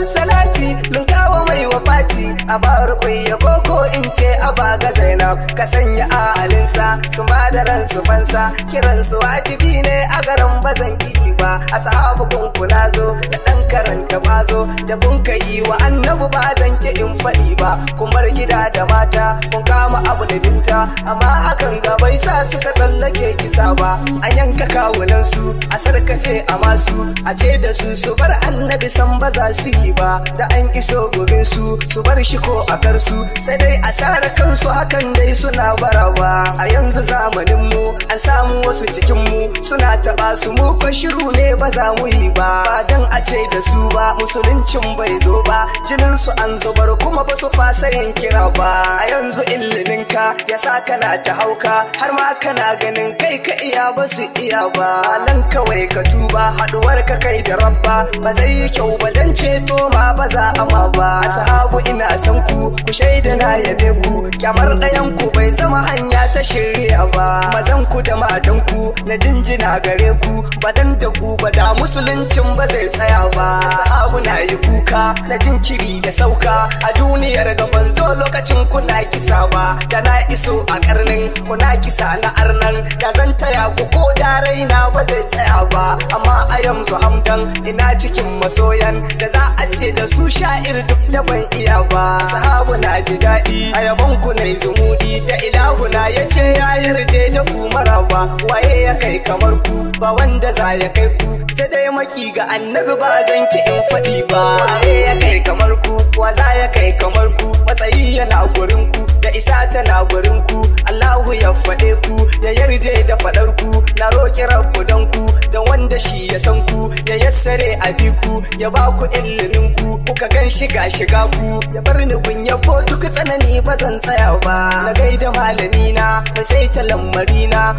dubban salati mun kawo mai wafati a bawar ya koko in ce a baga zainab ka sanya a alinsa su ba da su fansa kiransu wajibi ne a garin bazan kiki ba a sahabu kunkuna zo da ɗan karanta bazo da kun yi wa annabu ba zan ki in faɗi ba kumar gida da mata kun abu da binta amma hakan ga bai sa suka tsallake kisa ba a yanka kawunan su a sarkafe a masu a ce da su su bar annabi san ba za su yi ba da an iso gurin su su bar shi ko a kar su sai dai a sare kansu hakan dai suna barawa a yanzu zamanin mu an samu wasu cikin mu suna taba su mu ko shiru ne ba za mu yi ba ba dan a ce da su ba musuluncin bai zo ba jinin su an zubar kuma ba su fasa yin kira ba a yanzu ilimi ka ya sa kana ta hauka har ma kana ganin kai ka iya ba su iya ba lan kawai ka tuba haduwar ka kai da rabba ba zai yi kyau ba dan ceto ma ba za a ma ba sahabu ina san ku ku shaida na yabe ku kyamar ɗayan ku bai zama hanya ta shirya ba mazan ku da matan ku na jinjina gare ku badan da ku ba da musuluncin ba zai tsaya ba sahabu na yi kuka na jinkiri da sauka a duniyar gaban zo lokacin kuna kisa ba da na iso a karnin kuna kisa na arnan da zan taya ku ko da raina ba zai tsaya ba amma a yanzu hamdan ina cikin masoyan da za a ce da su sha'ir duk da ban iya ba sahabu na ji daɗi a yabon ku na zumudi da ilahuna ya ce ya yarje da ku maraba waye ya kai kamar ku ba wanda za ya kai ku sai dai maki ga annabi ba zan ki in faɗi ba waye ya kai kamar ku wa za ya kai kamar ku matsayi yana gurin ku isa ta tana gurin ku Allahu ya faɗe ku ya yarje da faɗar ku na roƙi rabu don ku da wanda shi ya san ku ya yassare a biku ya ba ku ilimin ku kuka gan shiga shiga ku ya bar ni kun ko duk tsanani ba zan tsaya ba na gaida malami na ba sai lamari na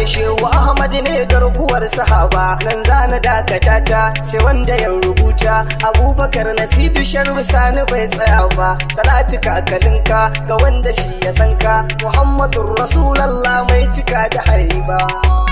ya shehu ahmad ne garkuwar sahaba nan na dakata ta sai wanda ya rubuta abubakar nasibu sharru sani bai tsaya ba salatu kakalinka ga wanda shi ya san ka muhammadur rasulallah mai cika da haiba